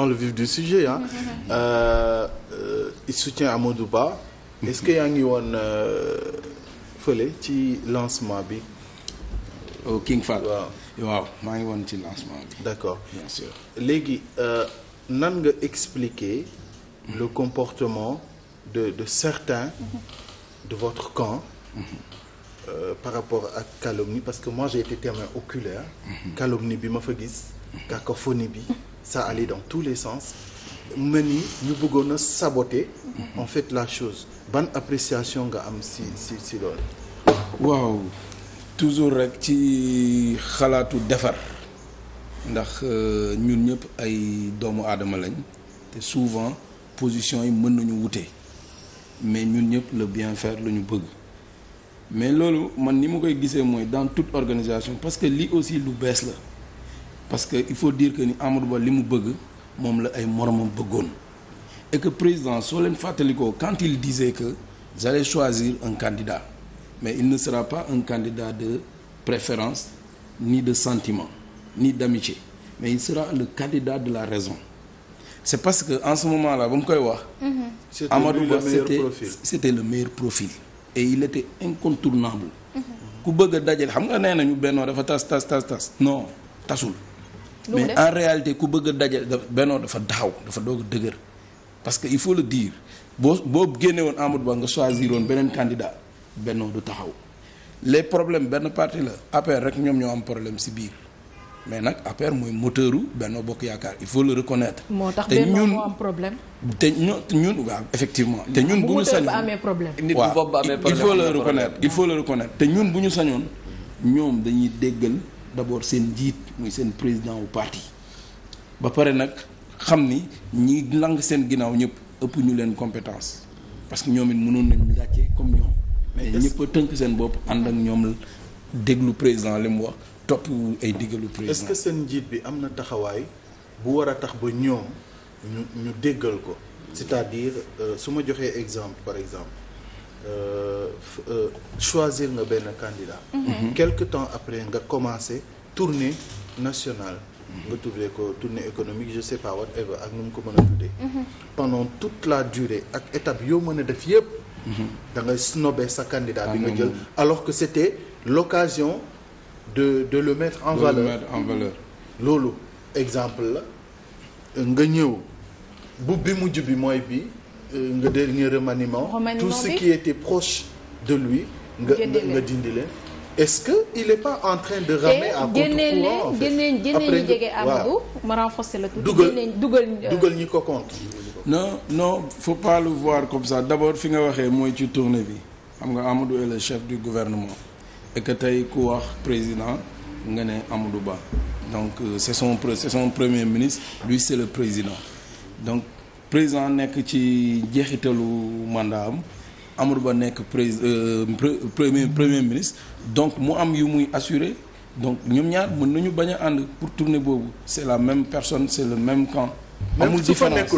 dans le vif du sujet ah. Euh, euh, il soutient Amadou Ba. Mm-hmm. est-ce que yaa ngi woon euh, fële ci lancement bi. au King Fahd. waaw waaw maa ngi woon ci lancement bi. d'accord bien sûr. Euh, nan nga expliquer. Mm-hmm. le comportement de de certains. de votre camp. Euh, par rapport ak calomnie parce que moi j'ai été témoin oculaire. calomnie bi ma fa gis. cacophonie bi. sa allait dans tous les sens mel ni ñu bëggoon a saboter en fait la chose ban appréciation nga am si si si loolu waaw toujours rek ci xalaatu defar ndax euh, ñun ñëpp ay doomu aadama lañ te souvent position yi mën nañu wute mais ñun ñëpp le bien fair lu ñu bëgg mais loolu man ni mu koy gisee mooy dans toute organisation parce que lii aussi lu bees la parce que il faut dire que ni Amadou Ba li mu bëgg moom la ay moromam bëggoon et que président soo leen fàttalikoo quand il disait que j'allais choisir un candidat mais il ne sera pas un candidat de préférence ni de sentiment ni d'amitié mais il sera le candidat de la raison c'est parce que en ce moment-là ba mu koy wax Amadou Ba c'était c'était le meilleur profil et il était incontournable mhm. ku bëgg a dajale xam nga nee nañu bennoo dafa tas tas tas tas non tasul mais en réalité ku bëgg a daje bennoo dafa taxaw dafa doog a dëgër parce que il faut la dire boo boo génne woon Amadou Ba nga choisir woon beneen candidat Benno du taxaw les problème benn parti la APR rek ñoom ñoo am problème si biir mais nag APR mooy moteur u Benno Bokk Yaakaar il faut le reconnaître. moo tax Benno moo am problème te ñun te ñun waaw effectivement. te ñu sañoon bu amee problème. nit bu bopp ba amee problème il faut le reconnaître te ñun bu ñu sañoon ñoom dañuy déggal. d'abord seen njiit muy seen président wu parti ba pare nag xam ni ñi lang seen ginnaaw ñëpp ëpp ñu leen compétence parce que ñoom it mënoon nañu gàcce comme ñoom mais ñëpp a tënk seen bopp ànd ak ñoom déglu président li mu wax topp ay diggalu président seen njiit bi am na taxawaay bu war a tax ba ñoom ñu ñu déggal ko c'est-à-dire euh, su ma joxee exemple par exemple Euh, euh, choisir nga benn candidat. Mhm. Mhm. quelque temps après nga commencé tournée nationale. Mhm. nga tuddee ko tournée économique je sais pas whatever ak nu mu ko mën a tuddee. pendant toute la durée ak étape yoo mën a def yëpp. da ngay snobé sa candidat bi ah, nga jël alors que c'était l'occasion de de le mettre en valeur loolu exemple la nga ñëw bu bi mujj bi mooy bi Euh, nga dernier remaniement tout ce qui était proche de lui nga nga dindi leen est-ce que il est pas en train de ramer à contre-courant en fait génne génne jege Amadou ma renforcer la tout dugal euh, dugal ñi ko contre non non faut pas le voir comme ça d'abord fi nga waxee mooy ci tournée bi xam nga Amadou est le chef du gouvernement et que tey ku wax président nga ne Amadou Ba donc euh, c'est son c'est son premier ministre lui c'est le président donc président nekk ci jeexitalu mandat am Amadou Ba nekk prés euh, premier premier ministre donc mu am yu muy assuré donc ñoom ñaar mën nañu bañ ànd pour tourner boobu c'est la même personne c'est le même camp. amul différence su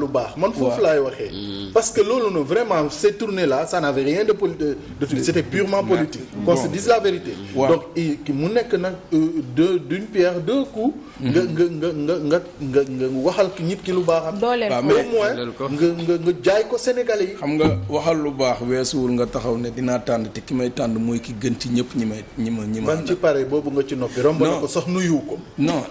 lu baax. man foofu laay waxee. Mm. parce que loolu noonu vraiment ces tournées la ça n'avait rien de poli de de c'était purement politique. qu'on se dise la vérité. donc mu nekk nag euh, deux d'une pierre deux coups. nga mm-hmm. nga nga nga nga nga nga waxal nit ki lu baax. dooleel ko au moins nga nga nga jaay ko Sénégalais yi. xam nga waxal lu baax weesuwul nga taxaw ne dinaa tànn te ki may tànn mooy ki gën ci ñëpp ñi may ñi ma ñi ma. man ci pare boobu nga ci noppi romb na ko sax nuyu ko. non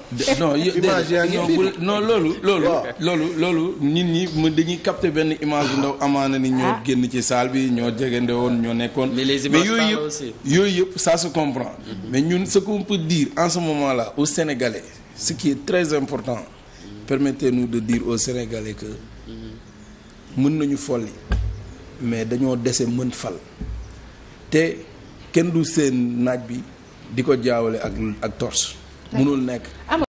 loolu. loolu loolu loolu nit ñi mu dañuy capté benn image bu ndaw amaana ni ñoo ah. génn ci salle bi ñoo jegande woon ñoo nekkoon mais yooyu yëpp yooyu yëpp ça se comprend mm-hmm. mais ñun ce qu'on peut dire en ce moment là aux Sénégalais ce qui est très important permettez-nous de dire au Sénégalais que mm-hmm. mën nañu folli mais dañoo dese mën fal te kenn du seen naaj bi di ko jaawale ak ak mënul nekk